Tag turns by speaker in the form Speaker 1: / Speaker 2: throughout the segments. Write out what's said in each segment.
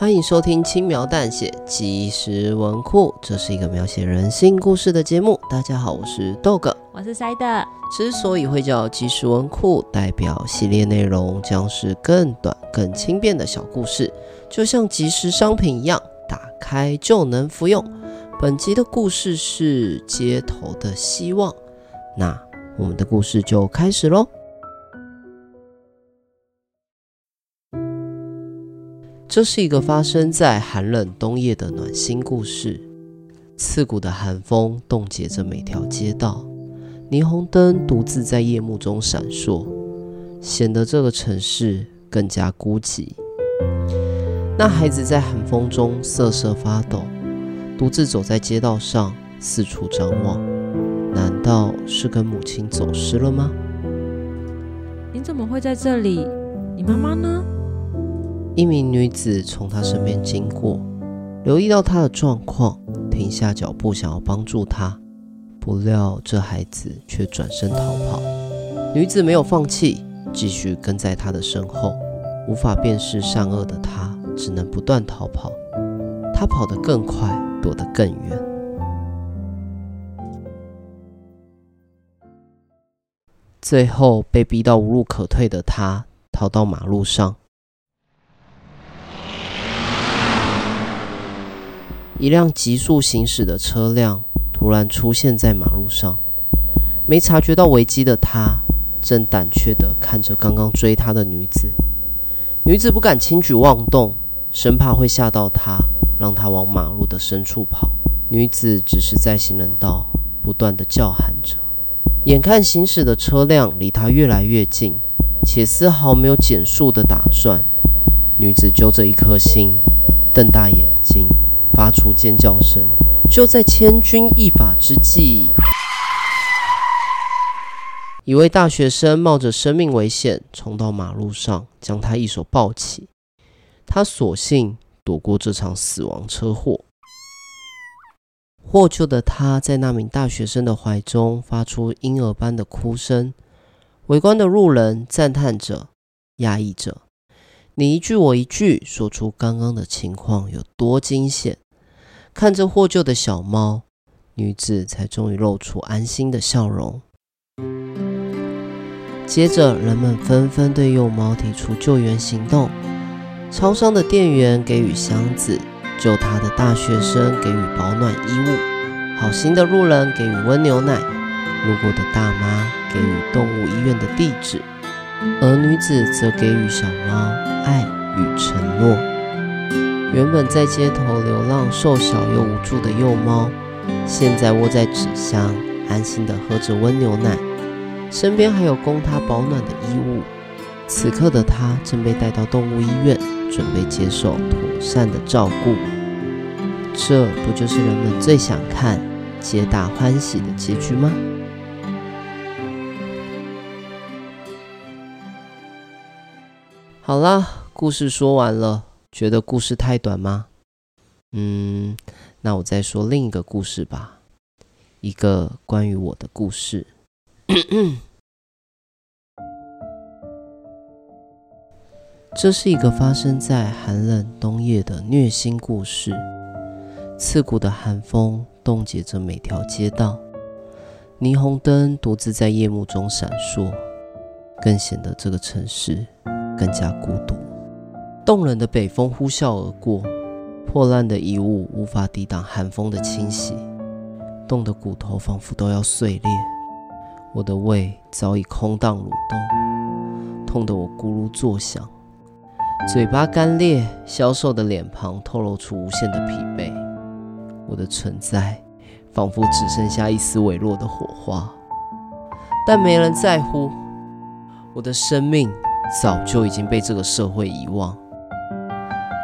Speaker 1: 歡迎收聽《輕描淡血即食文庫》，這是一個描寫人性故事的節目。大家好，我是豆哥，我是塞的。之所以會叫“即食文庫”，代表系列內容將是更短、更輕便的小故事，就像即食商品一樣，打開就能服用。本集的故事是《街頭的希望》。那，那我們的故事就開始嘍。這是一個發生在寒冷冬夜的暖心故事。刺骨的寒風凍結着每條街道，霓虹燈獨自在夜幕中閃爍，顯得這個城市更加孤寂。那孩子在寒風中瑟瑟發抖，獨自走在街道上，四處張望。難道是跟母親走失了嗎？
Speaker 2: 你怎麼會在這裡？你媽媽呢？
Speaker 1: 一名女子從她身邊經過，留意到她的狀況，停下腳步想要幫助她。不料這孩子卻轉身逃跑。女子沒有放棄，繼續跟在她的身後。無法辨識善惡的她只能不斷逃跑。她跑得更快，躲得更遠。最後被逼到無路可退的她逃到馬路上。一輛急速行駛的車輛突然出現在馬路上，沒察覺到危機的他正膽怯地看着剛剛追他的女子。女子不敢輕舉妄動，生怕會嚇到他，讓他往馬路的深處跑。女子只是在行人道不斷地叫喊着，眼看行駛的車輛離他越來越近，且絲毫沒有減速的打算，女子揪着一顆心，瞪大眼睛。發出尖叫聲！就在千鈞一髮之際，一位大學生冒着生命危險衝到馬路上，將他一手抱起。他所幸躲過這場死亡車禍。獲救的他在那名大學生的懷中發出嬰兒般的哭聲，圍觀的路人讚嘆着、壓抑着，你一句我一句說出剛剛的情況有多驚險。看着獲救的小貓，女子才終於露出安心的笑容。接着，人們紛紛對幼貓提出救援行動。超商的店員給予箱子，救它的大學生給予保暖衣物，好心的路人給予溫牛奶，路過的大媽給予動物醫院的地址，而女子則給予小貓愛與承諾。原本在街頭流浪、瘦小又無助的幼貓，現在窩在紙箱，安心的喝着溫牛奶，身邊還有供它保暖的衣物。此刻的它正被帶到動物醫院，準備接受妥善的照顧。這不就是人們最想看、皆大歡喜的結局嗎？好了，故事說完了。覺得故事太短嗎？嗯，那我再說另一個故事吧，一個關於我的故事。 這是一個發生在寒冷冬夜的虐心故事。刺骨的寒風凍結着每條街道，霓虹燈獨自在夜幕中閃爍，更顯得這個城市更加孤獨。凍人的北風呼嘯而過，破爛的衣物無法抵擋寒風的侵襲，凍得骨頭仿佛都要碎裂。我的胃早已空蕩如洞，痛得我咕嚕作響，嘴巴乾裂，消瘦的臉龐透露出無限的疲憊。我的存在仿佛只剩下一絲微弱的火花，但沒人在乎。我的生命早就已經被這個社會遺忘。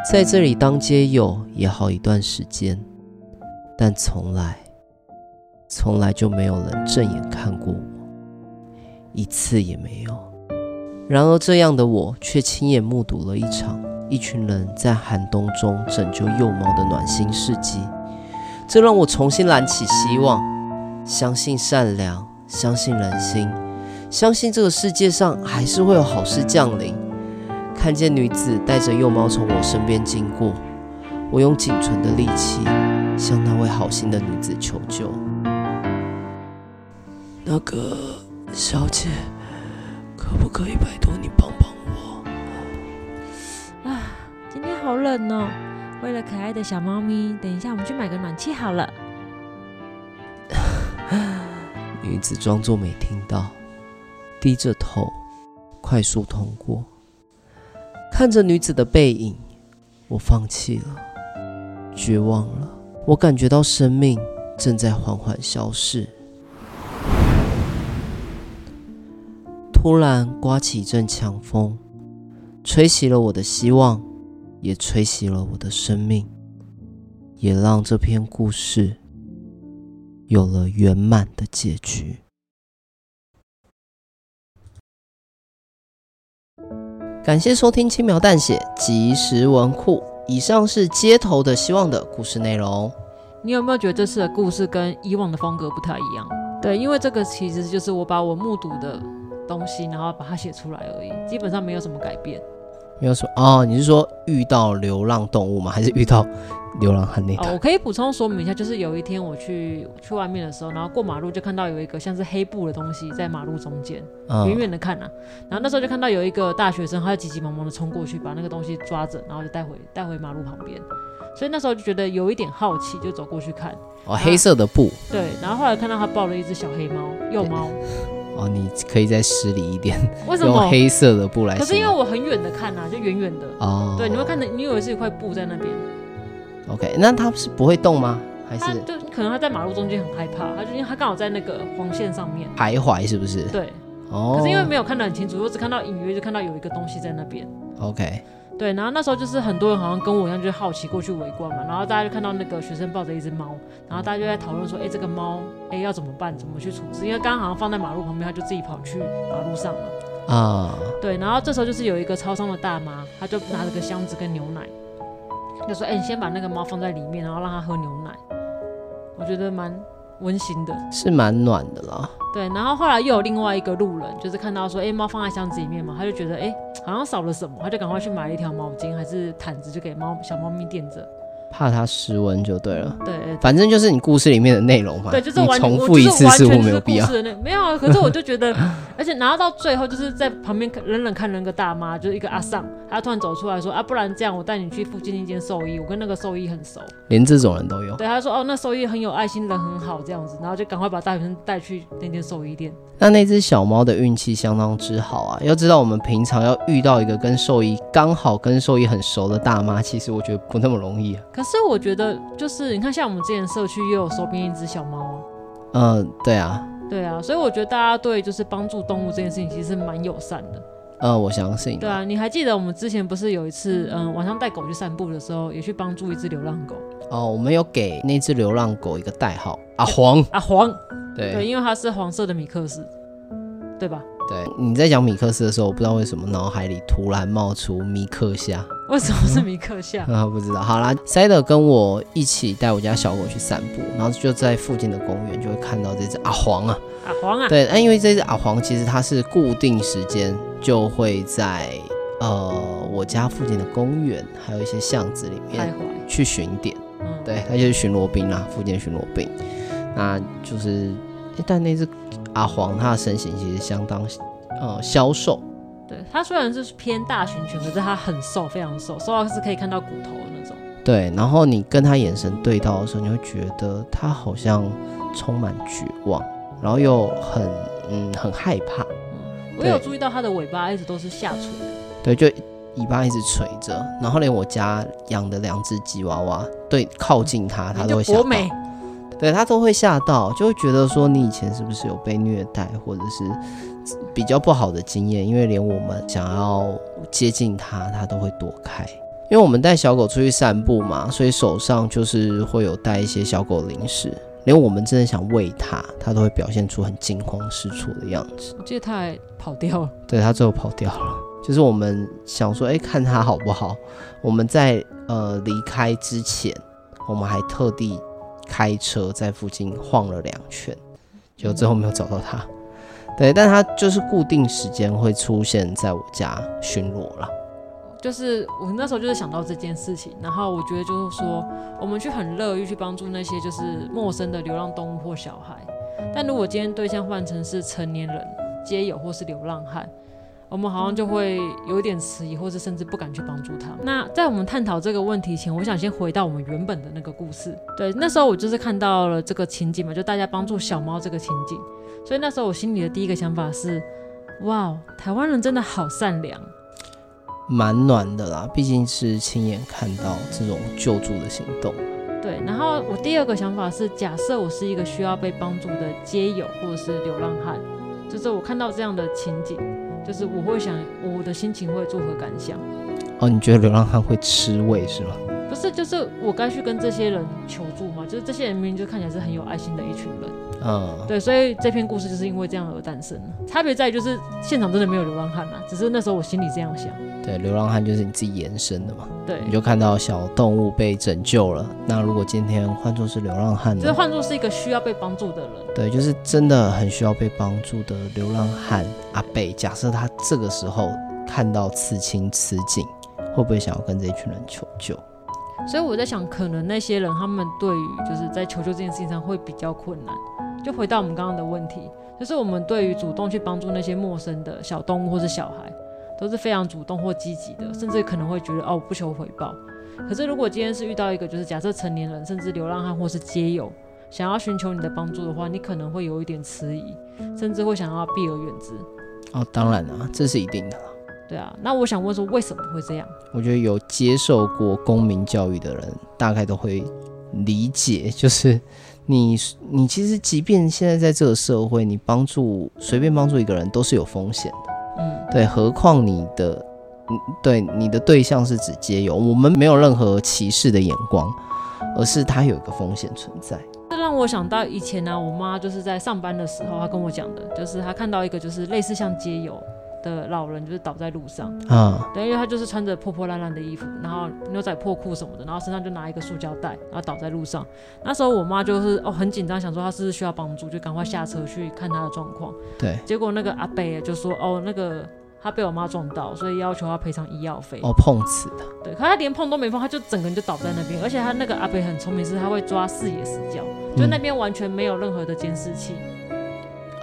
Speaker 1: 在這裡當街友也好一段時間，但從來，從來就沒有人正眼看過我，一次也沒有。然而，這樣的我卻親眼目睹了一場一群人在寒冬中拯救幼貓的暖心事蹟，這讓我重新燃起希望，相信善良，相信人心，相信這個世界上還是會有好事降臨。看見女子帶着幼貓從我身邊經過，我用僅存的力氣向那位好心的女子求救：“那個小姐，可不可以拜托你幫幫我？”
Speaker 2: 啊，今天好冷哦！為了可愛的小貓咪，等一下我們去買個暖氣好
Speaker 1: 了。啊，女子裝作沒聽到，低着頭快速通過。看着女子的背影，我放棄了，絕望了。我感覺到生命正在緩緩消逝。突然颳起一陣強風，吹熄了我的希望，也吹熄了我的生命，也讓這篇故事有了圓滿的結局。感謝收聽《輕描淡血》即食文庫。以上是街頭的希望的故事內容。你有沒
Speaker 2: 有覺得這次的故事跟以往的風格不太一樣？對，因為這個其實就是我把我目睹的東西，然後把它寫出來而已，基本上沒有什麼改變。
Speaker 1: 沒有什麼哦，你是說遇到流浪動物嗎？還是遇到、嗯？流浪漢那
Speaker 2: 哦。我可以補充說明一下，就是有一天我去我去外面的時候，然後過馬路就看到有一個像是黑布的東西在馬路中間，遠遠、嗯、的看啊。然後那時候就看到有一個大學生，他就急急忙忙的衝過去把那個東西抓着，然後就帶回帶回馬路旁邊，所以那時候就覺得有一點好奇，就走過去看。
Speaker 1: 哦，黑色的布，
Speaker 2: 啊。對，然後後來看到他抱了一隻小黑貓，幼貓。
Speaker 1: 哦，你可以再失禮一點，為什麼？用黑色的布來。可是
Speaker 2: 因為我很遠的看啊，就遠遠的。
Speaker 1: 哦。對，你
Speaker 2: 會看到，你以為是一塊布在那邊。
Speaker 1: OK，那它是不會動嗎？還是對？
Speaker 2: 他可能它在馬路中間很害怕，它就因為它剛好在那個黃線上面
Speaker 1: 徘徊，是不是？對，哦。Oh. 可是因為沒
Speaker 2: 有看得很清楚，我只看到隱約就看到有一個東西在那邊。OK，對。然後那時候就是很多人好像跟我一樣，就是好奇過去圍觀嘛。然後大家就看到那個學生抱着一只貓，然後大家就在討論說，哎、欸，這個貓，哎、欸，要怎麼辦？怎麼去處置？因為剛剛好像放在馬路旁邊，他就自己跑去馬路上了。啊，oh. 對。然後這時候就是有一個超商的大媽，她就拿着個箱子跟牛奶。就說：“哎，你先把那個貓放在裡面，然後讓它喝牛奶。”我覺得蠻溫馨的，是
Speaker 1: 蠻暖的啦。
Speaker 2: 對，然後後來又有另外一個路人，就是看到說：“哎，貓放在箱子裡面嘛。”他就覺得：“哎，好像少了什麼。”他就趕快去買了一條毛巾還是毯子，就給貓小貓咪墊着。
Speaker 1: 怕他失溫就對了。對，反正就是你故事裡面的內容嘛。對，就是完重複一次是完全沒有必要是
Speaker 2: 是的容。沒有啊，可是我就覺得， 而且拿到最後就是在旁邊冷冷看那個大媽，就是一個阿桑，她突然走出來說啊，不然這樣我帶你去附近那間獸醫，我跟那個獸醫很熟。
Speaker 1: 連這種人都有。對，
Speaker 2: 他說哦，那獸醫很有愛心人很好這樣子，然後就趕快把大學生帶去那間獸醫店。
Speaker 1: 那那只小貓的運氣相當之好啊！要知道我們平常要遇到一個跟獸醫剛好跟獸醫很熟的大媽，其實我覺得不那麼容易啊。可
Speaker 2: 所以我覺得就是你看，像我們之前社區也有收編一隻小貓
Speaker 1: 啊。嗯，對啊，
Speaker 2: 對啊，所以我覺得大家對就是幫助動物這件事情，其實蠻友善的。
Speaker 1: 嗯，我相信。對
Speaker 2: 啊，你還記得我們之前不是有一次，嗯，晚上帶狗去散步的時候，也去幫助一隻流浪狗。
Speaker 1: 哦，我們有給那隻流浪狗一個代號，阿黃，欸、
Speaker 2: 阿黃。對對，因為它是黃色的米克斯，對吧？
Speaker 1: 對，你在講米克斯的時候，我不知道為什麼腦海裡突然冒出米克蝦。為
Speaker 2: 什麼是米克夏啊？嗯嗯
Speaker 1: 嗯。不知道。好啦，塞德跟我一起帶我家小狗去散步，然後就在附近的公園就會看到這只阿黃啊，阿黃啊。對，那、欸、因為這只阿黃其實它是固定時間就會在呃我家附近的公園，還有一些巷子裡面去巡點。嗯、對，它就是巡邏兵啊，附近巡邏兵。那就是，欸、但那只阿黃它的身形其實相當呃消瘦。對，
Speaker 2: 它雖然是偏大型犬，可是它很瘦，非常瘦，瘦到是可以看到骨頭的那種。
Speaker 1: 對，然後你跟它眼神對到的時候，你會覺得它好像充滿絕望，然後又很嗯很害怕。嗯，我有注
Speaker 2: 意到它的尾巴一直都是下垂的。
Speaker 1: 對，就尾巴一直垂着，然後連我家養的兩隻吉娃娃，對，靠近它它、嗯、都會嚇到。對，它都會嚇到，就會覺得說你以前是不是有被虐待，或者是。比較不好的經驗，因為連我們想要接近它，它都會躲開。因為我們帶小狗出去散步嘛，所以手上就是會有帶一些小狗零食。連我們真的想餵它，它都會表現出很驚慌失措的樣子。我記
Speaker 2: 得它還跑掉了，
Speaker 1: 對，它最後跑掉了。就是我們想說，欸，看它好不好？我們在呃離開之前，我們還特地開車在附近晃了兩圈，就最後沒有找到它對，但他就是固定時間會出現在我家巡邏了。
Speaker 2: 就是我那時候就是想到這件事情，然後我覺得就是說，我們去很樂於去幫助那些就是陌生的流浪動物或小孩，但如果今天對象換成是成年人、街友或是流浪漢。我們好像就會有點遲疑，或是甚至不敢去幫助他。那在我們探討這個問題前，我想先回到我們原本的那個故事。對，那時候我就是看到了這個情景嘛，就大家幫助小貓這個情景。所以那時候我心裡的第一個想法是：哇，台灣人真的好善良，
Speaker 1: 蠻暖的啦。畢竟是親眼看到這種救助的行動。
Speaker 2: 對，然後我第二個想法是，假設我是一個需要被幫助的街友或者是流浪漢，就是我看到這樣的情景。就是我會想，我的心情會作何感想？
Speaker 1: 哦，你覺得流浪漢會吃味是嗎？
Speaker 2: 不是，就是我該去跟這些人求助嘛？就是這些人明明就看起來是很有愛心的一群人啊，哦、對，所以這篇故事就是因為這樣而誕生。差別在於就是現場真的沒有流浪漢啊，只是那時候我心裡這樣想。
Speaker 1: 對，流浪漢就是你自己延伸的嘛，對，你就看到小動物被拯救了。那如果今天換作是流浪漢，就是換
Speaker 2: 作是一個需要被幫助的人，
Speaker 1: 對，就是真的很需要被幫助的流浪漢阿伯，假設他這個時候看到此情此景，會不會想要跟這一群人求救？
Speaker 2: 所以我在想，可能那些人他們對於就是在求救這件事情上會比較困難。就回到我們剛剛的問題，就是我們對於主動去幫助那些陌生的小動物或是小孩，都是非常主動或積極的，甚至可能會覺得哦，不求回報。可是如果今天是遇到一個就是假設成年人，甚至流浪漢或是街友，想要尋求你的幫助的話，你可能會有一點遲疑，甚至會想要避而遠之。
Speaker 1: 哦，當然啊，這是一定的。
Speaker 2: 對啊，那我想問說，為什麼會這樣？
Speaker 1: 我覺得有接受過公民教育的人，大概都會理解，就是你你其實即便現在在這個社會，你幫助隨便幫助一個人都是有風險的。嗯、對，何況你的，嗯，對，你的對象是指街友，我們沒有任何歧視的眼光，而是它有一個風險存在。
Speaker 2: 這讓我想到以前呢、啊，我媽就是在上班的時候，她跟我講的，就是她看到一個就是類似像街友的老人就是倒在路上啊，等於他就是穿着破破爛爛的衣服，然後牛仔破褲什麼的，然後身上就拿一個塑膠袋，然後倒在路上。那時候我媽就是哦很緊張，想說她是不是需要幫助，就趕快下車去看她的狀況。對，結果那個阿伯就說哦那個他被我媽撞到，所以要求他賠償醫藥費。哦碰瓷的，對，可他連碰都沒碰，他就整個人就倒在那邊，而且他那個阿伯很聰明，是他會抓視野死角，就那邊完全沒有任何的監視器。嗯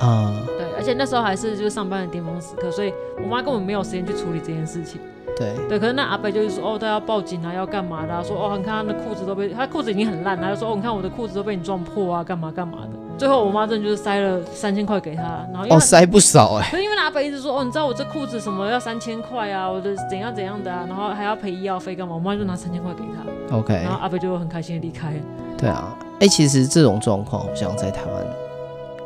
Speaker 2: 啊，嗯、對，而且那時候還是就是上班的巔峰時刻，所以我媽根本沒有時間去處理這件事情。對，對，可是那阿北就是說，哦，他要報警啊，要幹嘛的，啊，說，哦，你看他的褲子都被他褲子已經很爛，他就說，哦，你看我的褲子都被你撞破啊，幹嘛幹嘛的。最後我媽真的就是塞了三千塊給他，然後哦
Speaker 1: 塞不少哎，欸，
Speaker 2: 可是因為那阿北一直說，哦，你知道我這褲子什麼要三千塊啊，我的怎樣怎樣的啊，然後還要賠醫藥費幹嘛，我媽就拿三千塊給他，OK，然後阿北就很開心的離開。
Speaker 1: 對啊，哎，欸，其實這種狀況好像在台灣。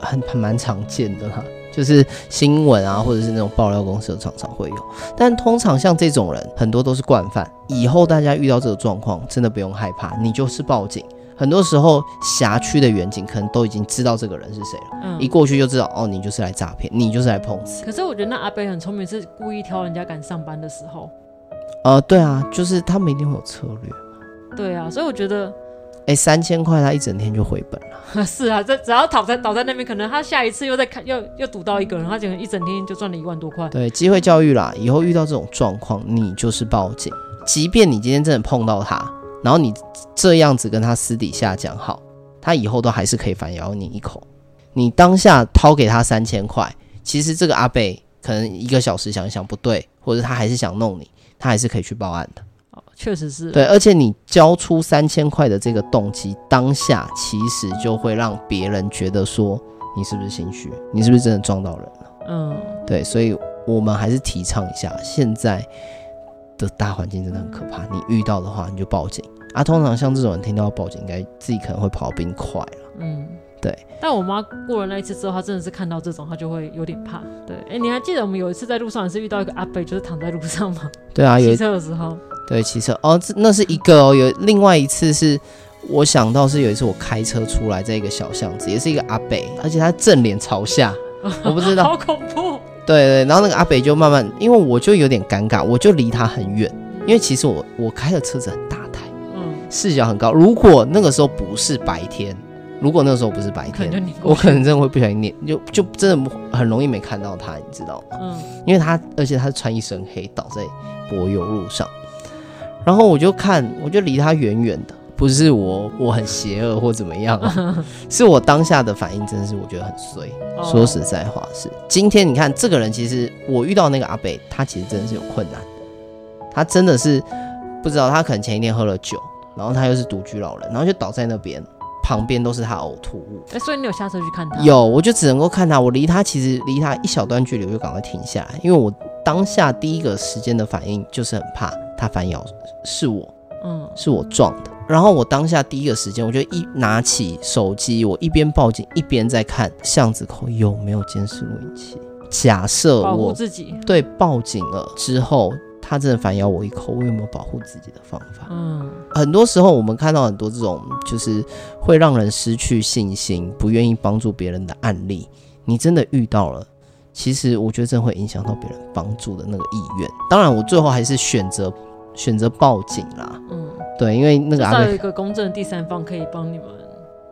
Speaker 1: 很很、蠻常見的哈、啊，就是新聞啊，或者是那種爆料公司，常常會有。但通常像這種人，很多都是慣犯。以後大家遇到這個狀況，真的不用害怕，你就是報警。很多時候，轄區的員警可能都已經知道這個人是誰了，嗯、一過去就知道，哦，你就是來詐騙，你就是來碰瓷。
Speaker 2: 可是我覺得那阿北很聰明，是故意挑人家趕上班的時候。
Speaker 1: 呃，對啊，就是他們一定會有策略。
Speaker 2: 對啊，所以我覺得。
Speaker 1: 哎、欸，三千塊他一整天就回本
Speaker 2: 了。是啊，這只要躺在躺在那邊，可能他下一次又再看，又又堵到一個人，他可能一整天就賺了一萬多塊。
Speaker 1: 對，機會教育啦，以後遇到這種狀況，你就是報警。即便你今天真的碰到他，然後你這樣子跟他私底下講好，他以後都還是可以反咬你一口。你當下掏給他三千塊，其實這個阿伯可能一個小時想一想不對，或者他還是想弄你，他還是可以去報案的。
Speaker 2: 確實是，對，而
Speaker 1: 且你交出三千塊的這個動機，當下其實就會讓別人覺得說你是不是心虛，你是不是真的撞到人了？嗯，對，所以我們還是提倡一下，現在的大環境真的很可怕，嗯、你遇到的話你就報警。啊，通常像這種人聽到報警，應該自己可能會跑冰塊
Speaker 3: 了。嗯，
Speaker 1: 對。
Speaker 2: 但我媽過了那一次之後，她真的是看到這種，她就會有點怕。對，哎，你還記得我們有一次在路上也是遇到一個阿北，就是躺在路上嗎？對啊，騎車的時候。
Speaker 1: 對，騎車哦，這那是一個哦，有另外一次是我想到，是有一次我開車出來在一個小巷子，也是一個阿北，而且他正臉朝下，
Speaker 3: 我不知道， 好恐怖。
Speaker 1: 對對，然後那個阿北就慢慢，因為我就有點尷尬，我就離他很遠，因為其實我我開的車子很大台，
Speaker 3: 嗯，
Speaker 1: 視角很高。如果那個時候不是白天，如果那個時候不是白天，我可，我可能真的會不小心輾，就就真的很容易沒看到他，你知道嗎？嗯，因為他而且他穿一身黑倒在柏油路上。然後我就看，我就離他遠遠的，不是我我很邪惡或怎麼樣，啊， 是我當下的反應真的是我覺得很衰。Oh. 說實在話是，今天你看這個人，其實我遇到那個阿北，他其實真的是有困難，他真的是不知道，他可能前一天喝了酒，然後他又是獨居老人，然後就倒在那邊，旁邊都是他嘔吐物。哎、
Speaker 2: 欸，所以你有下車去看他？有，
Speaker 1: 我就只能夠看他，我離他其實離他一小段距離，我就趕快停下來，因為我。當下第一個時間的反應就是很怕他反咬，是我，嗯，是我撞的。然後我當下第一個時間，我就一拿起手機，我一邊報警一邊在看巷子口有沒有監視錄音器。假設我自己對報警了之後，他真的反咬我一口，我有沒有保護自己的方法？
Speaker 3: 嗯，
Speaker 1: 很多時候我們看到很多這種就是會讓人失去信心、不願意幫助別人的案例，你真的遇到了。其實我覺得真的會影響到別人幫助的那個意願。當然，我最後還是選擇選擇報警啦。嗯，對，因為那個還有一
Speaker 2: 個公正的第三方可以幫你們。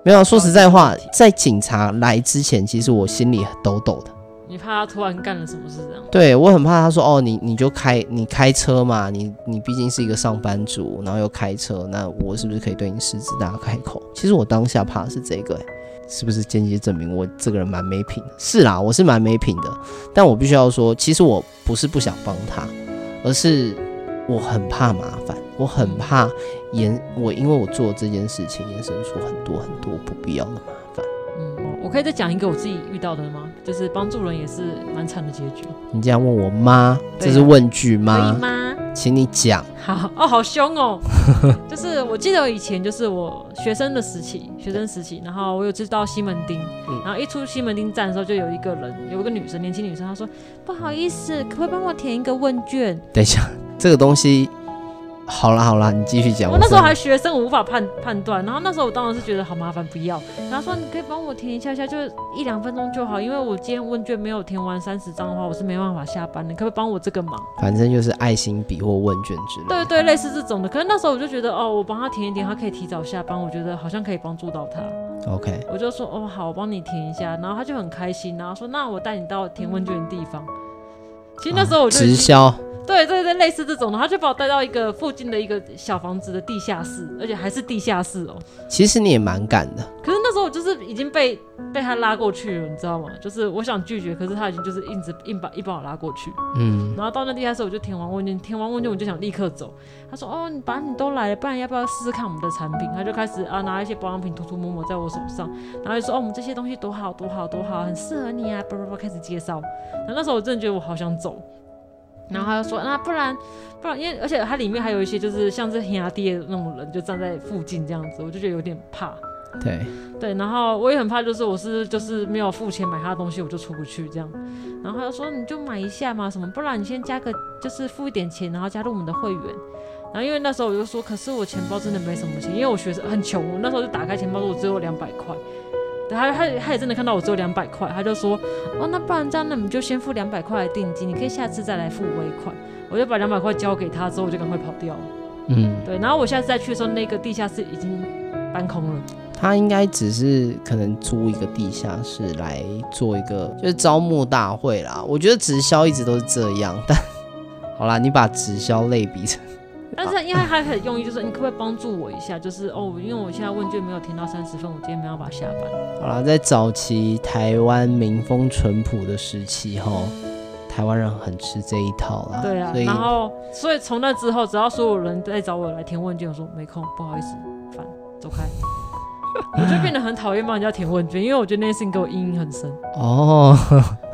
Speaker 1: 沒有、啊、說實在話，在警察來之前，其實我心裡很抖抖的。
Speaker 2: 你怕他突然幹
Speaker 3: 了什麼事這
Speaker 1: 樣？對我很怕他說哦，你你就開你開車嘛，你你畢竟是一個上班族，然後又開車，那我是不是可以對你獅子大開口？其實我當下怕的是這個、欸。是不是間接證明我這個人蠻沒品的？是啦，我是蠻沒品的。但我必須要說，其實我不是不想幫他，而是我很怕麻煩，我很怕延，我因為我做這件事情，延伸出很多很多不必要的麻煩。
Speaker 2: 我可以再講一個我自己遇到的嗎？就是幫助人也是蠻慘的結
Speaker 1: 局。你這樣問我嗎、啊、這是問句嗎？可以嗎？請你講。
Speaker 2: 好哦，好凶哦。 就是我記得以前就是我學生的時期，學生時期，然後我又知道西門町，對然後一出西門町站的時候，就有一個人，有一個女生，年輕女生，她說：“不好意思，可不可以幫我填一個問卷？”
Speaker 1: 等一下，這個東西。好啦，好啦，你繼續講。我、哦、那時候還
Speaker 2: 學生，我無法判判斷。然後那時候我當然是覺得好麻煩，不要。然後說你可以幫我填一下下，就一兩分鐘就好，因為我今天問卷沒有填完三十張的話，我是沒辦法下班的。可不可以幫我這個忙？
Speaker 1: 反正就是愛心筆或問卷之類。對
Speaker 2: 對，類似這種的。可是那時候我就覺得哦，我幫他填一填，他可以提早下班，我覺得好像可以幫助到他。
Speaker 1: OK。
Speaker 2: 我就說哦好，我幫你填一下。然後他就很開心，然後說那我帶你到填問卷的地方。嗯、其實那時候我就直銷。對對對，類似這種的，他就把我帶到一個附近的一個小房子的地下室，而且還是地下室哦。
Speaker 1: 其實你也蠻敢的，
Speaker 2: 可是那時候我就是已經被被他拉過去了，你知道嗎？就是我想拒絕，可是他已經就是一直硬把一把我拉過去。嗯。然後到那地下室，我就填完問卷，填完問卷我就想立刻走。他說：“哦，你把你都來了，不然要不要試試看我們的產品？”他就開始啊拿一些保養品塗塗抹抹在我手上，然後就說：“哦，我們這些東西多好多好多好，很適合你啊！”叭叭叭，開始介紹。然後那時候我真的覺得我好想走。然後他就說，那不然，不然，因為而且它裡面還有一些就是像是天涯地的那種人就站在附近這樣子，我就覺得有點怕。對對，然後我也很怕，就是我是就是沒有付錢買他的東西，我就出不去這樣。然後他說，你就買一下嘛，什麼，不然你先加個就是付一點錢，然後加入我們的會員。然後因為那時候我就說，可是我錢包真的沒什麼錢，因為我學生很窮，我那時候就打開錢包說我只有兩百塊。他他他也真的看到我只有兩百塊，他就說，哦，那不然這樣，那你就先付兩百塊的定金，你可以下次再來付尾款。我就把兩百塊交給他之後，我就趕快跑掉了。嗯，對。然後我下次再去的時候，那個地下室已經搬空了。
Speaker 1: 他應該只是可能租一個地下室來做一個就是招募大會啦。我覺得直銷一直都是這樣，但好啦，你把直銷類比成。但是因
Speaker 2: 為還很用意，就是你可不可以幫助我一下？就是哦，因為我現在問卷沒有填到三十分，我今天沒辦法下班。
Speaker 1: 好啦，在早期台灣民風淳樸的時期，台灣人很吃這一套啦。對啊啦，以然
Speaker 2: 後所以從那之後，只要所有人都在找我來填問卷，我說沒空，不好意思，煩，走開。 我就變得很討厭幫人家填問卷，因為我覺得那事情給我陰影很深。哦。
Speaker 1: Oh.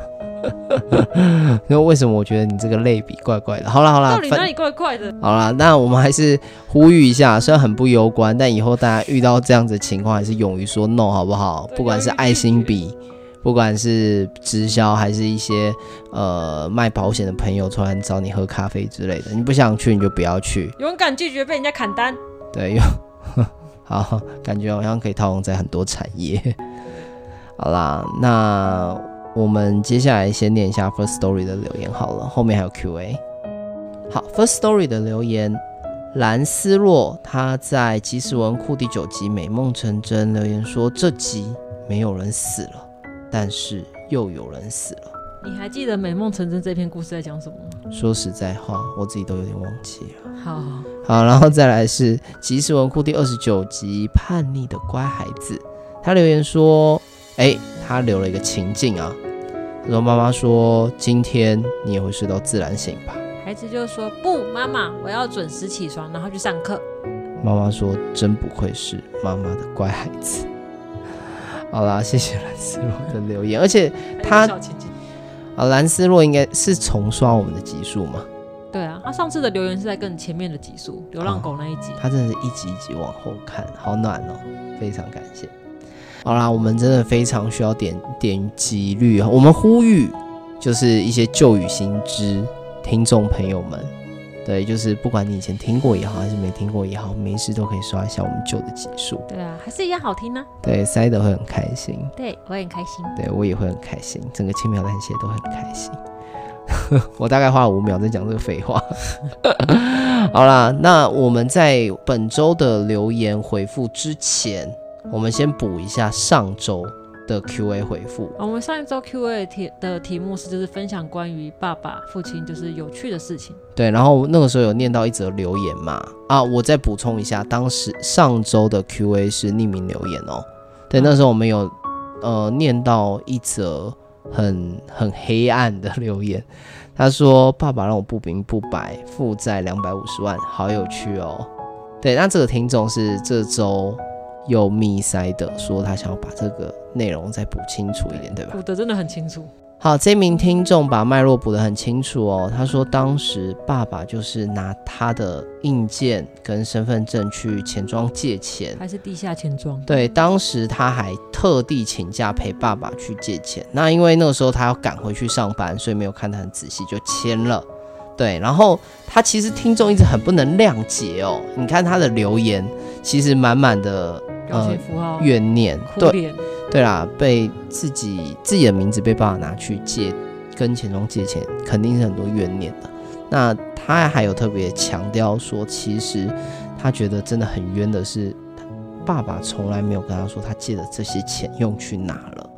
Speaker 1: 因為 為什麼我覺得你這個類比怪怪的？好啦好啦，到底哪裡怪怪的？好啦，那我們還是呼籲一下，雖然很不攸關，但以後大家遇到這樣子的情況，還是勇於說 no，好不好？啊、不管是愛心筆，不管是直銷，還是一些呃賣保險的朋友突然找你喝咖啡之類的，你不想去你就不要去，
Speaker 2: 勇敢拒絕被人家砍單。
Speaker 1: 對，有 好感覺好像可以套用在很多產業。 好啦，那。我們接下來先念一下 First Story 的留言好了，後面還有 QA。好，First Story 的留言，藍思洛他在即食文庫第九集《美夢成真》留言說：“這集沒有人死了，但是又有人死
Speaker 2: 了。”你還記得《美夢成真》這篇故事在講什麼嗎？說
Speaker 1: 實在話，哦，我自己都有點忘記了。好，好，好，然後再來是即食文庫第二十九集《叛逆的乖孩子》，他留言說。哎，他留了一個情境啊，然後媽媽說：“今天你也會睡到自然醒吧？”
Speaker 2: 孩子就說：“不，媽媽，我要準時起床，然後去上課。”
Speaker 1: 媽媽說：“真不愧是媽媽的乖孩子。 ”好啦，謝謝蘭斯洛的留言， 而且他啊，蘭斯洛應該是重刷我們的集數嘛？
Speaker 2: 對啊，他上次的留言是在跟前面的集數，《流浪狗》那一集。哦，他
Speaker 1: 真的是一集一集往後看，好暖哦！非常感謝。好啦，我們真的非常需要點點擊率啊！我們呼籲，就是一些舊與新知聽眾朋友們，對，就是不管你以前聽過也好，還是沒聽過也好，沒事都可以刷一下我們舊的集數，
Speaker 2: 對啊，還是一樣好聽呢、啊。
Speaker 1: 對，塞得會很開心。
Speaker 2: 對，我也很開心。對，
Speaker 1: 我也會很開心，整個輕描淡血都很開心。 我大概花了五秒在講這個廢話。 好啦，那我們在本周的留言回覆之前。我們先補一下上周的 Q A 回復。
Speaker 2: 啊，我們上一周 Q A 題的題目是，就是分享關於爸爸、父親就是有趣的事情。
Speaker 1: 對，然後那個時候有念到一則留言嘛，啊，我再補充一下，當時上周的 Q A 是匿名留言哦。對，那時候我們有，呃，念到一則很很黑暗的留言，他說：“爸爸讓我不明不白負債兩百五十萬，好有趣哦。”對，那這個聽眾是這周。又密塞的說，他想要把這個內容再補清楚一點，對吧？補
Speaker 2: 得真的很清楚。
Speaker 1: 好，這名聽眾把脈絡補得很清楚哦。他說，當時爸爸就是拿他的硬件跟身份證去錢莊借錢，
Speaker 2: 還是地下錢莊？
Speaker 1: 對，當時他還特地請假陪爸爸去借錢。那因為那時候他要趕回去上班，所以沒有看得很仔細就簽了。對，然後他其實聽眾一直很不能諒解哦。你看他的留言，其實滿滿的表情符號，呃、怨念。哭臉。對，對啦，被自己自己的名字被爸爸拿去借，跟錢莊借錢，肯定是很多怨念的。那他還有特別強調說，其實他覺得真的很冤的是，他爸爸從來沒有跟他說他借的這些錢用去哪了。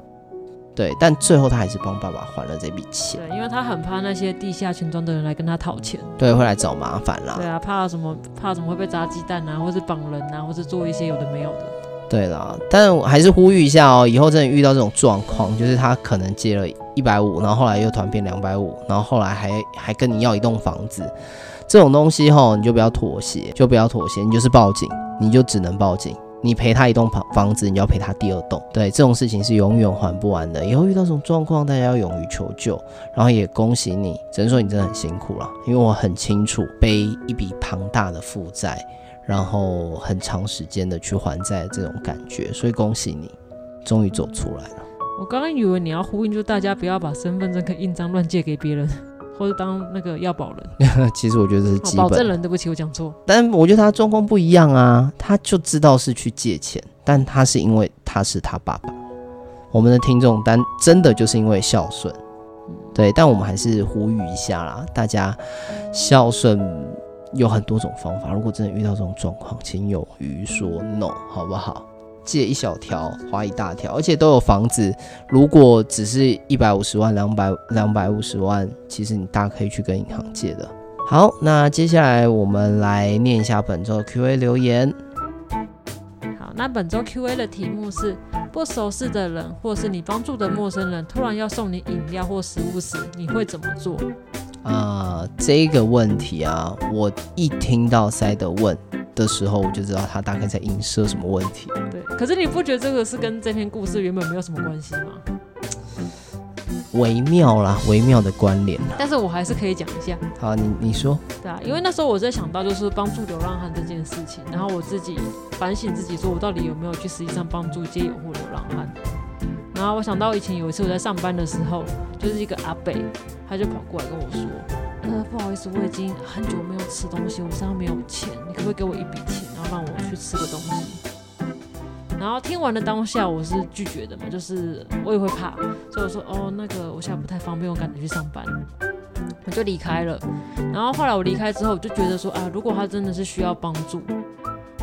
Speaker 1: 對，但最後他還是幫爸爸還了這筆錢。對，因
Speaker 2: 為他很怕那些地下錢莊的人來跟他討錢，
Speaker 1: 對，會來找麻煩啦。對啊，
Speaker 2: 怕什麼？怕什麼會被砸雞蛋啊，或是綁人啊，或是做一些有的沒有的。
Speaker 1: 對啦，但我還是呼籲一下哦，以後真的遇到這種狀況，就是他可能借了一百五，然後後來又團騙兩百五，然後後來還還跟你要一棟房子，這種東西哈、哦，你就不要妥協，就不要妥協，你就是報警，你就只能報警。你賠他一棟房房子，你要賠他第二棟。對，這種事情是永遠還不完的。以後遇到這種狀況，大家要勇於求救。然後也恭喜你，只能說你真的很辛苦了，因為我很清楚背一筆龐大的負債，然後很長時間的去還債的這種感覺。所以恭喜你，終於走出來了。
Speaker 2: 我剛剛以為你要呼應，就大家不要把身份證跟印章亂借給別人。或者當那個要保人，
Speaker 1: 其實我覺得是基本、哦、保證人。
Speaker 2: 對不起，我講錯。
Speaker 1: 但我覺得他狀況不一樣啊，他就知道是去借錢，但他是因為他是他爸爸。我們的聽眾，但真的就是因為孝順，對。但我們還是呼籲一下啦，大家孝順有很多種方法。如果真的遇到這種狀況，請勇於說 no，好不好？借一小條，花一大條，而且都有房子。如果只是一百五十萬、兩百兩百五十萬，其實你大可以去跟銀行借的。好，那接下來我們來念一下本周的 Q&A 留言。
Speaker 2: 好，那本周 Q&A 的題目是：不熟悉的人，或是你幫助的陌生人，突然要送你飲料或食物時，你會怎麼做？
Speaker 1: 啊、呃，這個問題啊，我一聽到塞德問的時候，我就知道他大概在影射什麼問題。對，
Speaker 2: 可是你不覺得這個是跟這篇故事原本沒有什麼關係嗎？
Speaker 1: 微妙啦，微妙的關聯。
Speaker 2: 但是我還是可以講一下。
Speaker 1: 好，你你說。
Speaker 2: 對啊，因為那時候我在想到就是幫助流浪漢這件事情，然後我自己反省自己，說我到底有沒有去實際上幫助街友或流浪漢。啊，然後我想到以前有一次我在上班的時候，就是一個阿伯，他就跑過來跟我說：“呃，不好意思，我已經很久沒有吃東西，我身上沒有錢，你可不可以給我一筆錢，然後讓我去吃個東西？”然後聽完了當下我是拒絕的嘛，就是我也會怕，所以我說：“哦，那個我現在不太方便，我趕緊去上班。”我就離開了。然後後來我離開之後，我就覺得說：“啊、呃，如果他真的是需要幫助。”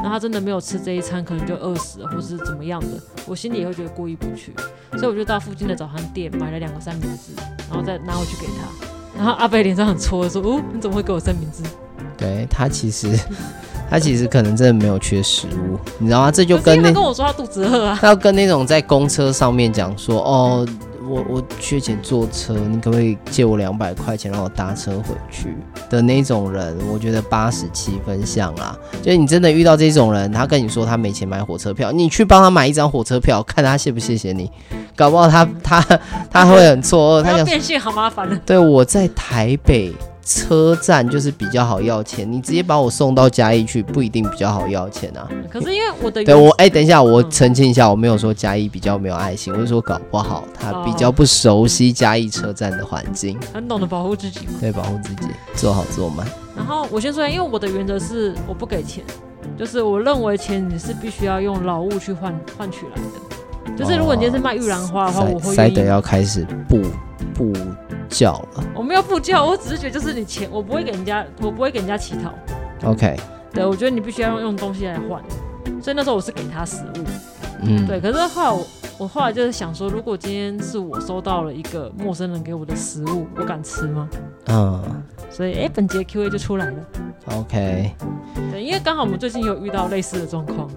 Speaker 2: 那他真的沒有吃這一餐，可能就餓死了，或者是，是怎麼樣的，我心裡也會覺得過意不去，所以我就到附近的早餐店買了兩個三明治，然後再拿回去給他。然後阿伯臉上很搓的說：“哦，你怎麼會給我三明治？”
Speaker 1: 對他其實， 他其實可能真的沒有缺食物，你知道嗎？這就跟那跟我
Speaker 2: 說他肚子餓啊，他要
Speaker 1: 跟那種在公車上面講說：“哦。”我我缺錢坐車，你可不可以借我兩百塊錢讓我搭車回去的那種人？我覺得八十七分像啊。就是你真的遇到這種人，他跟你說他沒錢買火車票，你去幫他買一張火車票，看他謝不謝謝你？搞不好他他他，他會很錯愕。講：他「電
Speaker 2: 信好麻煩的。
Speaker 1: 對，我在台北。車站就是比較好要錢，你直接把我送到嘉義去不一定比較好要錢啊。可是因為
Speaker 2: 我的，我哎、欸，
Speaker 1: 等一下，我澄清一下，嗯、我沒有說嘉義比較沒有愛心，我是說搞不好他比較不熟悉嘉義車站的環境，
Speaker 2: 很懂得保護自
Speaker 1: 己，對，保護自己，做好做滿。
Speaker 2: 然後我先說一下，因為我的原則是我不給錢，就是我認為錢你是必須要用勞務去換換取來的，就是如果你今天是賣玉蘭花的話，塞我會塞得要
Speaker 1: 開始不不叫了，
Speaker 2: 我沒有不叫，我只是覺得就是你錢，我不會給人家，我不會給人家乞討。OK，對，我覺得你必須要用用東西來換，所以那時候我是給他食物。嗯，對，可是後來我，我後來就是想說，如果今天是我收到了一個陌生人給我的食物，我敢吃嗎？嗯、
Speaker 1: 哦，
Speaker 2: 所以哎、欸，本集 Q&A 就出來了。OK，對，對，因為剛好我們最近有遇到類似的狀況。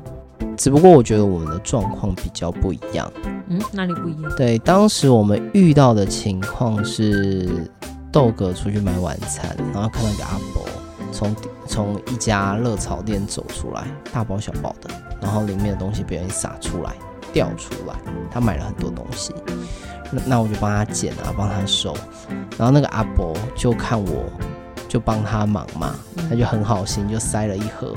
Speaker 1: 只不過我覺得我們的狀況比較不一樣。
Speaker 2: 嗯，哪裡不一樣？
Speaker 1: 對，當時我們遇到的情況是豆哥出去買晚餐，然後看到一個阿伯從從一家熱炒店走出來，大包小包的，然後裡面的東西不願意灑出來掉出來，他買了很多東西，那，那我就幫他撿啊，幫他收，然後那個阿伯就看我，就幫他忙嘛，他就很好心，就塞了一盒。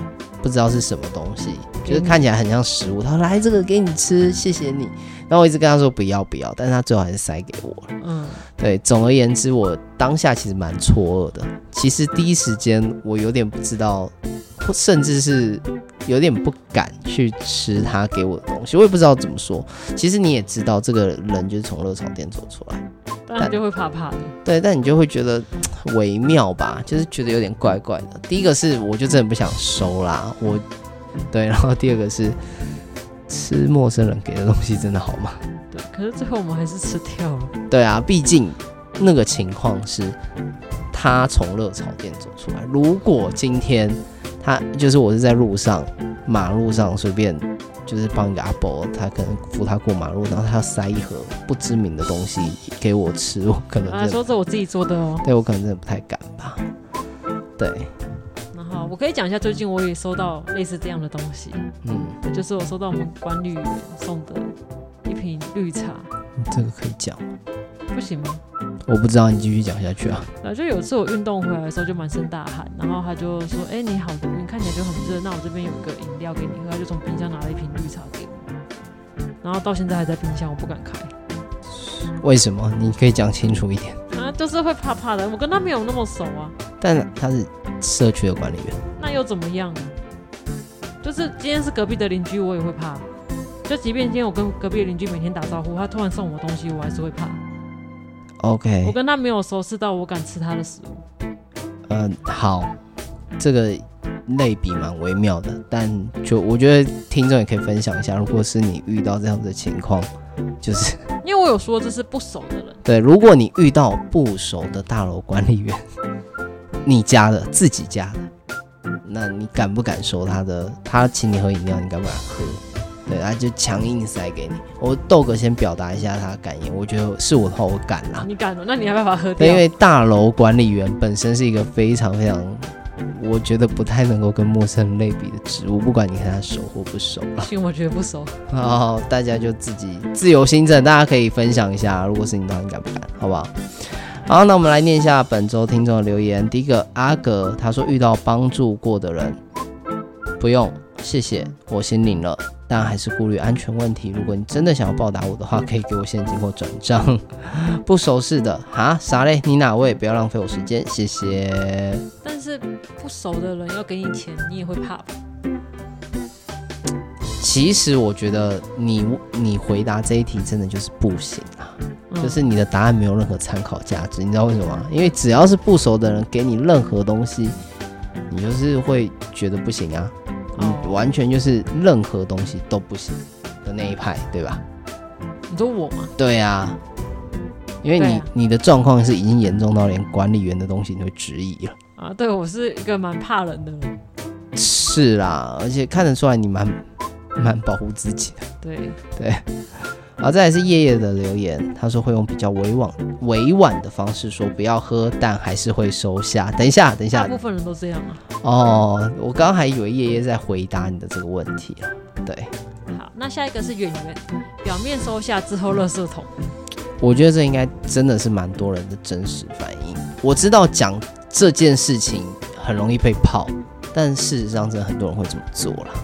Speaker 1: 不知道是什麼東西，就是看起來很像食物。他說：“來，這個給你吃，謝謝你。”然後我一直跟他說不要不要，但是他最後還是塞給我了。嗯，對。總而言之，我當下其實蠻錯愕的。其實第一時間我有點不知道，甚至是有點不敢去吃他給我的東西。我也不知道怎麼說。其實你也知道，這個人就是從熱炒店走出來，
Speaker 2: 他就會怕怕的。
Speaker 1: 對，但你就會覺得微妙吧，就是覺得有點怪怪的。第一個是，我就真的不想收啦。我，對。然後第二個是。吃陌生人給的東西真的好嗎？
Speaker 2: 對，可是最後我們還是吃掉了。
Speaker 1: 對啊，畢竟那個情況是他從熱炒店走出來。如果今天他就是我是在路上，馬路上隨便就是幫一個阿伯，他可能扶他過馬路，然後他要塞一盒不知名的東西給我吃，我可能、啊、說這我自己做的哦。對，我可能真的不太敢吧。對。
Speaker 2: 我可以講一下，最近我也收到類似這樣的東西，嗯，就是我收到我們管理員送的一瓶綠茶，
Speaker 1: 這個可以講嗎？不行嗎？我不知道，你繼續講下去啊。
Speaker 2: 啊，就有一次我運動回來的時候就滿身大汗，然後他就說，哎、欸，你好，你看起來就很熱，那我這邊有一個飲料給你喝，他就從冰箱拿了一瓶綠茶給我，然後到現在還在冰箱，我不敢開。
Speaker 1: 為什麼？你可以講清楚一點。
Speaker 2: 就是會怕怕的，我跟他沒有那麼熟啊。
Speaker 1: 但他是社區的管理員，
Speaker 2: 那又怎麼樣呢？就是今天是隔壁的鄰居，我也會怕。就即便今天我跟隔壁鄰居每天打招呼，他突然送我東西，我還是會怕。
Speaker 1: OK。我
Speaker 2: 跟他沒有熟識到我敢吃他的食物。嗯、
Speaker 1: 呃，好，這個類比蠻微妙的，但就我覺得聽眾也可以分享一下，如果是你遇到這樣的情況。就是，
Speaker 2: 因為我有說這是不熟的
Speaker 1: 人。對，如果你遇到不熟的大樓管理員，你家的自己家的，那你敢不敢收他的？他請你喝飲料，你敢不敢喝？對，他就強硬塞給你。我豆哥先表達一下他的感言，我覺得是我的話，我敢啊。你敢？那你
Speaker 2: 還沒辦法喝掉？因為
Speaker 1: 大樓管理員本身是一個非常非常。我覺得不太能夠跟陌生人類比的植物，不管你跟他熟或不熟。
Speaker 2: 行，我覺得不熟。好，
Speaker 1: 好，大家就自己自由心證，大家可以分享一下。如果是你的話，你敢不敢？好不好？好，那我們來念一下本周聽眾的留言。第一個，阿格他說遇到幫助過的人，不用，謝謝，我心領了。但還是顧慮安全問題。如果你真的想要報答我的話，可以給我現金或轉賬， 不熟是的哈？啥嘞？你哪位？不要浪費我時間，謝謝。
Speaker 2: 但是不熟的人要給你錢，你也會怕。
Speaker 1: 其實我覺得你你回答這一題真的就是不行啊，嗯、就是你的答案沒有任何參考價值。你知道為什麼？因為只要是不熟的人給你任何東西，你就是會覺得不行啊。嗯、完全就是任何東西都不行的那一派，對吧？
Speaker 2: 你說我嗎？
Speaker 1: 對呀、啊，因為你、啊、你的狀況是已經嚴重到連管理員的東西你都質疑了。
Speaker 2: 啊，對，我是一個蠻怕人的。
Speaker 1: 是啦，而且看得出來你蠻蠻保護自己的。對對。對好，再來是爺爺的留言，他說會用比較委婉、委婉的方式說不要喝，但還是會收下。等一下，等一下，大
Speaker 3: 部分人都這樣啊。
Speaker 1: 哦，我剛還以為爺爺在回答你的這個問題啊，對，
Speaker 2: 好，那下一個是圓圓，表面收下之後樂色桶。
Speaker 1: 我覺得這應該真的是蠻多人的真實反應。我知道講這件事情很容易被泡，但事實上真的很多人會這麼做了。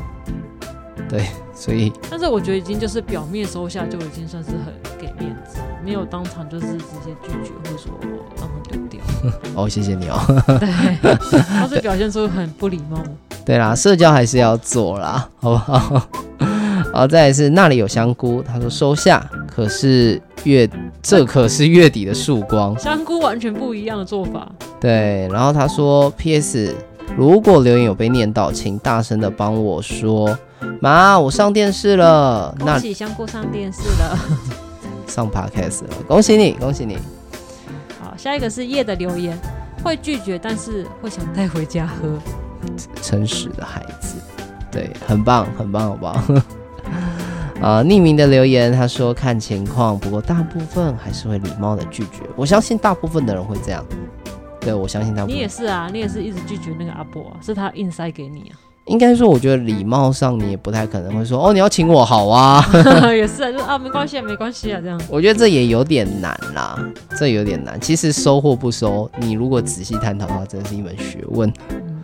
Speaker 1: 對。所以，
Speaker 2: 但是我覺得已經就是表面收下就已經算是很給面子，沒有當場就是直接拒絕或說、哦、當場丟
Speaker 1: 掉。 哦，謝謝你哦。 對，他是表現出很不禮貌。對啦，社交還是要做啦，好不好？ 好，再來是那裡有香菇，他說收下，可是月這可是月底的曙光，
Speaker 2: 香菇完全不一樣的做法。
Speaker 1: 對，然後他說，P.S. 如果留言有被念到，請大聲的幫我說。媽，我上電視了！恭喜香菇上電視了，那 上 podcast 了，恭喜你，恭喜你！
Speaker 2: 好，下一個是夜的留言，會拒絕，但是會想帶回家喝。
Speaker 1: 誠實的孩子，對，很棒，很棒，很棒！啊、 呃，匿名的留言，他說看情況，不過大部分還是會禮貌的拒絕。我相信大部分的人會這樣。對，我相信他。你
Speaker 3: 也
Speaker 2: 是啊，你也是一直拒絕那個阿伯、啊，是他硬塞給你啊。
Speaker 1: 應該說，我覺得禮貌上你也不太可能會說哦，你要請我好啊，
Speaker 2: 也是啊，就是、啊，沒關係啊，沒關係啊，這樣。
Speaker 1: 我覺得這也有點難啦，這有點難。其實收或不收，你如果仔細探討的話，真的是一門學問。嗯、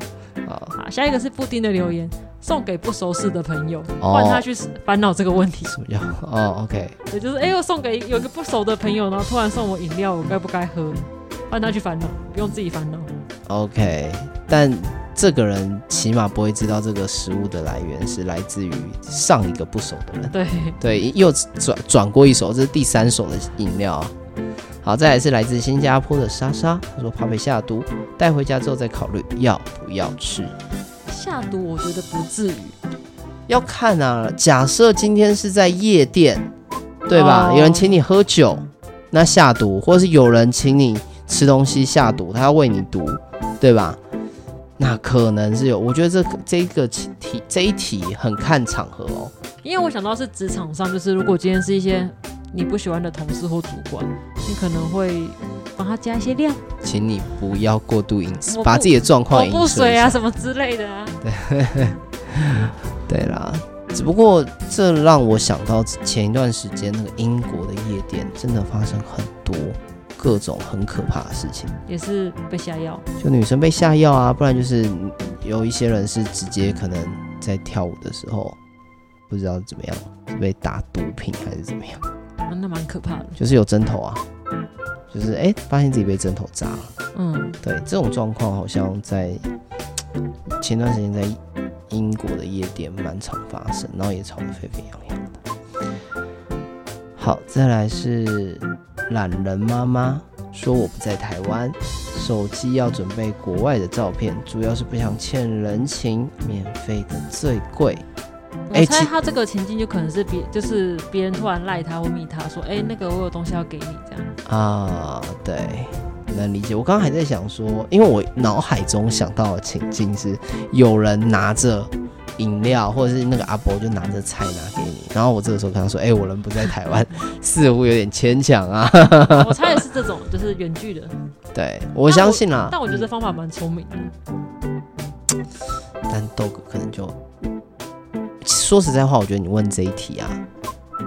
Speaker 1: 好，
Speaker 2: 好，下一個是布丁的留言，送給不熟識的朋友，換他去煩
Speaker 1: 惱這個問題。什麼叫哦？OK，
Speaker 2: 也就是哎，呦、欸、我送給有一個不熟的朋友，然後突然送我飲料，我該不該喝？讓他去煩惱，不用自己煩惱。
Speaker 1: OK，但這個人起碼不會知道這個食物的來源是來自於上一個不熟的人。對對，又轉，轉過一手，這是第三手的飲料。好，再來是來自新加坡的莎莎，她說怕被下毒，帶回家之後再考慮要不要吃。
Speaker 2: 下毒我覺
Speaker 1: 得不至於，要看啊。假設今天是在夜店，對吧？哇有人請你喝酒，那下毒，或是有人請你。吃東西下毒，他要為你毒，對吧？那可能是有。我覺得這這個題這一題很看場合哦，
Speaker 2: 因為我想到是職場上，就是如果今天是一些你不喜歡的同事或主管，你可能會幫他加一些量。
Speaker 1: 請你不要過度飲食，不把自己的狀況。飲水啊，
Speaker 2: 什麼之類的啊。
Speaker 1: 對 對啦，只不過這讓我想到前一段時間那個英國的夜店，真的發生很多。各種很可怕的事情，也
Speaker 2: 是被下藥，
Speaker 1: 就女生被下藥啊，不然就是有一些人是直接可能在跳舞的時候，不知道怎麼樣被打毒品還是怎麼樣，
Speaker 2: 啊、那蠻可怕的，就是有
Speaker 1: 針頭啊，就是哎、欸、發現自己被針頭扎了，嗯，對，這種狀況好像在前段時間在英國的夜店蠻常發生，然後也吵得沸沸揚揚。好，再來是懶人媽媽說我不在台灣，手機要準備國外的照片，主要是不想欠人情，免費的最貴。我猜他這
Speaker 2: 個情境就可能是別就是別人突然賴、like、他或密他說，哎、嗯欸，那個我有東西要給你這樣。
Speaker 1: 啊，對，能理解。我剛剛還在想說，因為我腦海中想到的情境是有人拿着。飲料，或者是那個阿伯就拿着菜拿給你，然後我這個時候跟他說：“哎、欸，我人不在台灣， 似乎有點牽強啊。”我猜也是這種， 就是遠距的。對，我,我相信啦、啊。但我覺得
Speaker 2: 這方法蠻聰
Speaker 1: 明的。但豆哥可能就說實在話，我覺得你問這一題啊，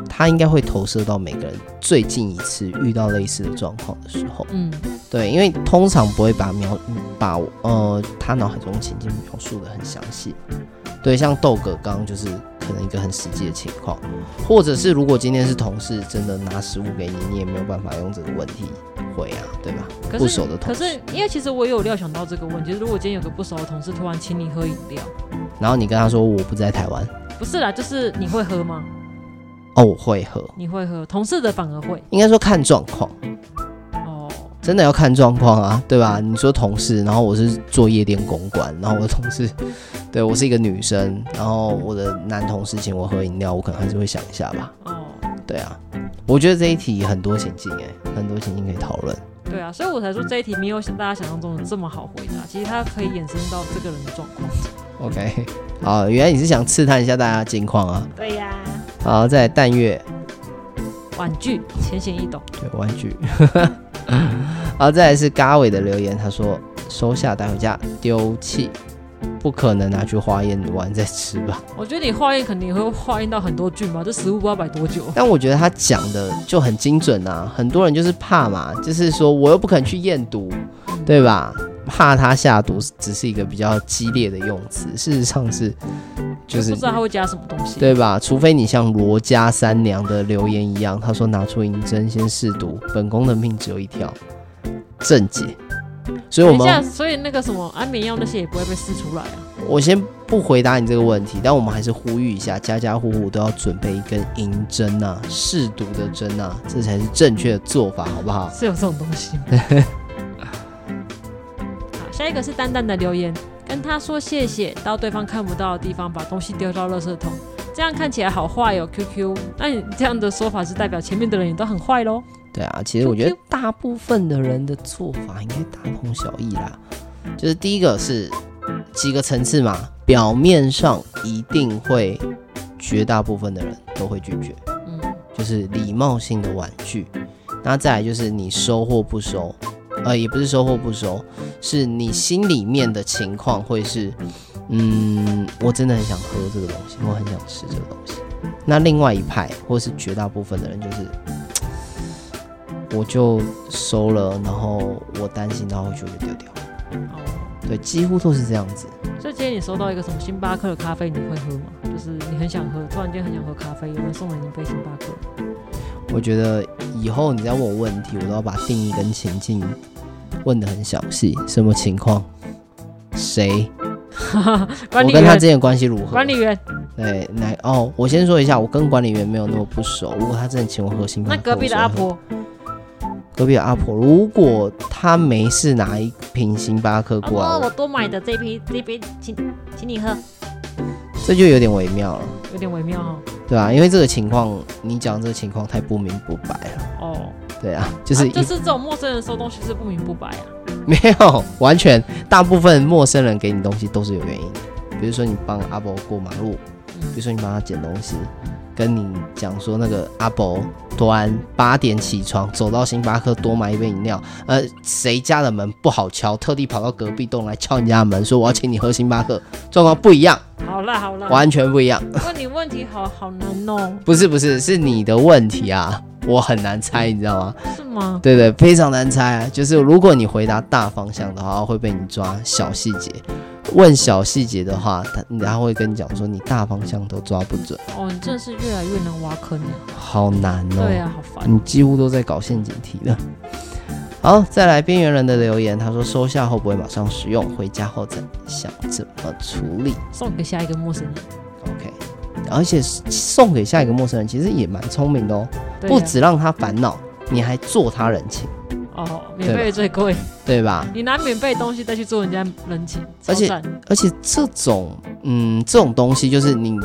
Speaker 1: 他應該會投射到每個人最近一次遇到類似的狀況的時候。嗯，對，因為通常不會把描、把我呃他腦海中情境描述的很詳細。對，像豆哥剛剛就是可能一個很實際的情況，或者是如果今天是同事真的拿食物給你，你也沒有辦法用這個問題回啊，對吧？是不熟的同事，
Speaker 2: 可是因為其實我也有料想到這個問題，就是、如果今天有個不熟的同事突然請你喝飲料，
Speaker 1: 然後你跟他說我不在台灣，
Speaker 2: 不是啦，就是你會喝嗎？
Speaker 1: 哦，我會喝，
Speaker 2: 你會喝，同事的反而會，
Speaker 1: 應該說看狀況。真的要看狀況啊，對吧？你說同事，然後我是做夜店公關，然後我的同事，對，我是一個女生，然後我的男同事請我喝飲料，我可能還是會想一下吧。哦。對啊，我覺得這一題很多情境哎，很多情境可以討論。
Speaker 2: 對啊，所以我才說這一題沒有像大家想象中的這麼好回答，其實它可以衍生到這個人的狀況。
Speaker 1: OK，好，原來你是想刺探一下大家的近況啊？對呀、啊。好，再來淡月。
Speaker 2: 玩具，淺顯易懂。
Speaker 1: 對，玩具。 好， 然後再來是嘎偉的留言，他說：“收下，帶回家丟棄，不可能拿去化驗完再吃吧？”
Speaker 2: 我覺得你化驗肯定會化驗到很多菌嘛，這食物不知道擺多久。但
Speaker 1: 我覺得他講的就很精準啊，很多人就是怕嘛，就是說我又不肯去驗毒，對吧？怕他下毒只是一個比較激烈的用詞，事實上是。就是不知道他
Speaker 2: 會加什麼東西，對吧？
Speaker 1: 除非你像羅家三娘的留言一樣，他說拿出銀針先試毒，本宮的命只有一條，正解。所以我們，
Speaker 2: 所以那個什麼安眠藥那些也不會被試出來啊。
Speaker 1: 我先不回答你這個問題，但我們還是呼籲一下，家家戶戶都要準備一根銀針啊，試毒的針啊，這才是正確的做法，好不好？是有這種東西嗎？ 好，
Speaker 2: 下一個是淡淡的留言。跟他說謝謝，到對方看不到的地方把東西丟到垃圾桶，這樣看起來好壞哦 QQ。Q Q, 那你這樣的說法是代表前面的人也都很壞嘍？
Speaker 1: 對啊，其實我覺得大部分的人的做法應該大同小異啦。就是第一個是幾個層次嘛，表面上一定會，絕大部分的人都會拒絕，嗯，就是禮貌性的婉拒。那再來就是你收或不收。呃，也不是收或不收，是你心裡面的情況會是，嗯，我真的很想喝這個東西，我很想吃這個東西。那另外一派，或是絕大部分的人，就是我就收了，然後我擔心他會覺得丟掉、掉。哦，對，幾乎都是這樣子。
Speaker 2: 所以今天你收到一個什麼星巴克的咖啡，你會喝嗎？就是你很想喝，突然間很想喝咖啡，有、沒有送人送了你一杯星巴克。
Speaker 1: 我覺得以後你再問我問題，我都要把定義跟情境問得很詳細。什麼情況？誰？ 員我跟他之間關係如何？管理員。對，來哦，我先說一下，我跟管理員沒有那麼不熟。如果他真的請我喝星巴克，那隔壁的阿婆，隔壁的阿婆，如果他沒事拿一瓶星巴克過來，啊，我
Speaker 2: 多買的這瓶這杯請，請你喝。
Speaker 1: 這就有點微妙了，有點微妙。哦，對啊，因為這個情況，你講這個情況太不明不白了。哦，對啊，就是一、啊、就是這種
Speaker 2: 陌生人收東西是不明不白啊。
Speaker 1: 沒有，完全，大部分陌生人給你東西都是有原因。比如說你幫阿伯過馬路，嗯、比如說你幫他撿東西。跟你講說，那個阿伯端八點起床，走到星巴克多買一杯飲料。呃，誰家的門不好敲，特地跑到隔壁棟來敲你家門，說我要請你喝星巴克，狀況不一樣。
Speaker 3: 好啦好啦，完全不一樣。問你問題好好難喔。
Speaker 1: 不是不是，是你的問題啊，我很難猜，你知道嗎？是嗎？對對，非常難猜啊。就是如果你回答大方向的話，會被你抓小細節。問小細節的話，他然後會跟你講說你大方向都抓不準
Speaker 2: 哦，你真的是越來越能挖坑了，
Speaker 1: 好難哦，對啊，好煩，你幾乎都在搞陷阱題了。好，再來邊緣人的留言，他說收下後不會馬上使用，回家後再想怎麼處理，
Speaker 2: 送給下一個陌
Speaker 1: 生人。OK，而且送給下一個陌生人其實也蠻聰明的哦，啊、不只讓他煩惱，你還做他人情。
Speaker 2: 哦、免費最貴，
Speaker 1: 對吧？
Speaker 2: 你拿免費東西再去做人家人情，而且
Speaker 1: 而且這種嗯這種東西就是你，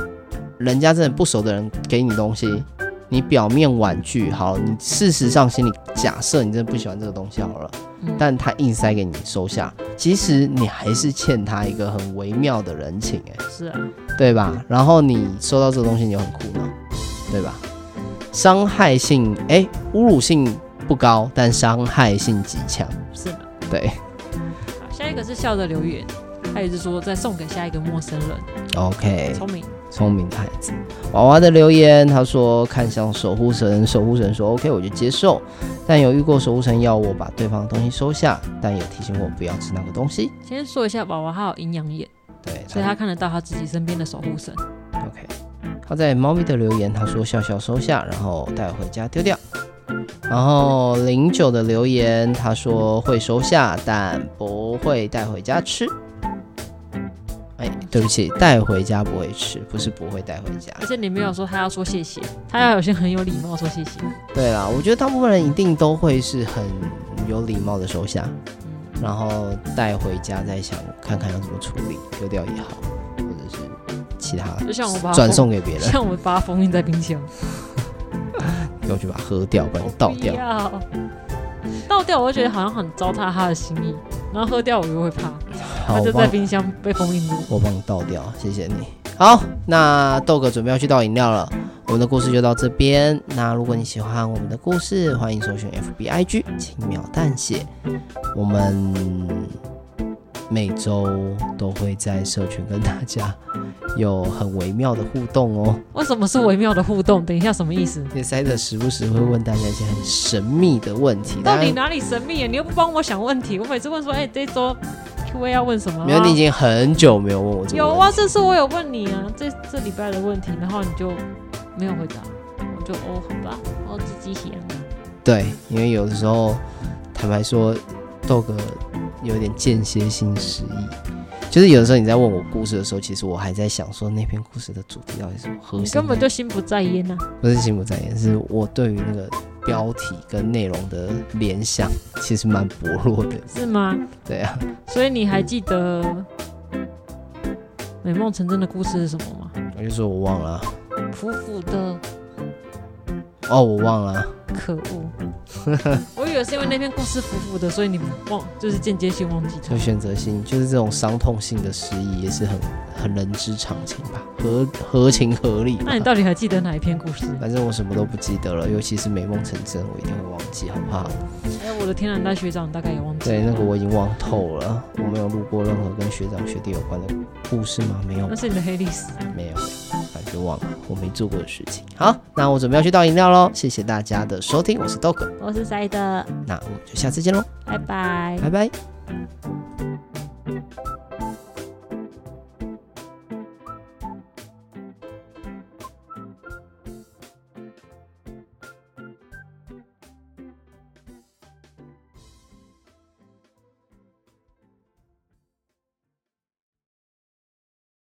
Speaker 1: 人家真的不熟的人給你東西，你表面婉拒好，你事實上心裡假設你真的不喜歡這個東西好了，嗯、但他硬塞給你收下，其實你還是欠他一個很微妙的人情哎、欸，是啊，對吧？然後你收到這個東西你就很苦惱，對吧？傷害性哎、欸，侮辱性。不高，但傷害性極強。是的嗎，對。
Speaker 2: 下一個是笑的留言，他也是說再送給下一個陌生人。
Speaker 1: OK，聰明，聰明的孩子。娃娃的留言，他說看向守護神，守護神說 OK，我就接受。但有遇過守護神要我把對方的東西收下，但也提醒我不要吃那個東西。
Speaker 2: 先說一下娃娃他，他有陰陽眼，對，所以他看得到他自己身邊的守護神。OK，
Speaker 1: 他在貓咪的留言，他說笑笑收下，然後帶回家丟掉。然後零九的留言，他說會收下，但不會帶回家吃。哎、欸，對不起，帶回家不會吃，不是不會帶回家。
Speaker 2: 而且你沒有說他要說謝謝，他要有些很有禮貌說謝謝。
Speaker 1: 對啦，我覺得大部分人一定都會是很有禮貌的收下，然後帶回家再想看看要怎麼處理，丟掉也好，或者是其他。就像我把它轉送給別人，像我
Speaker 2: 們把它封印在冰箱。
Speaker 1: 要去把它喝掉，把它倒掉。
Speaker 2: 倒掉我就覺得好像很糟蹋他的心意，然後喝掉我又會怕，好他就在冰箱被封印住。
Speaker 1: 我幫你倒掉，謝謝你。好，那豆哥準備要去倒飲料了。我們的故事就到這邊。那如果你喜歡我們的故事，歡迎搜尋 FBIG 輕描淡血，我們每周都會在社群跟大家。有很微妙的互動哦。
Speaker 2: 為什麼是微妙的互動？嗯、等一下什麼意思？
Speaker 1: 你塞特時不時會問大家一些很神秘的問題。到底哪
Speaker 2: 裡神秘啊？嗯、你又不幫我想問題。我每次問說，哎、嗯欸，這周 Q&A 要問什麼、啊？沒有，你已經
Speaker 1: 很久沒有問我這個問題。
Speaker 2: 有啊，這次我有問你啊，這這禮拜的問題，然後你就沒有回答，我就哦、oh,，好吧，我、oh, 自己寫、啊。
Speaker 1: 對，因為有的時候，坦白說，豆哥有點間歇性失憶。就是有的時候你在問我故事的時候，其實我還在想說那篇故事的主題到底是什麼。你根本就
Speaker 2: 心不在焉啊，
Speaker 1: 不是心不在焉，是我對於那個標題跟內容的聯想其實蠻薄弱的。是嗎？對啊。
Speaker 2: 所以你還記得美夢成真的故事是什麼嗎？
Speaker 1: 我就說我忘了。
Speaker 2: 苦苦的。
Speaker 1: 哦，我忘了。
Speaker 3: 可
Speaker 2: 惡！ 我以為是因為那篇故事服服的，所以你們忘，就是間接性忘記
Speaker 1: 它，所以選擇性，就是這種傷痛性的失憶，也是很很人之常情吧，合合情合理。那你到
Speaker 2: 底還記得哪一篇故事？
Speaker 1: 反正我什麼都不記得了，尤其是美夢成真，我一定會忘記，好不好。哎、
Speaker 2: 欸，我的天哪，大學長大概也
Speaker 1: 忘記了。對，那個我已經忘透了。我沒有錄過任何跟學長學弟有關的故事嗎？沒有。那是你的黑歷史。沒有。別忘了我沒做過的事情。好，那我準備要去倒飲料嘍。謝謝大家的收聽，我是豆哥，我是塞德。那我們就下次見嘍，
Speaker 2: 拜拜，拜拜。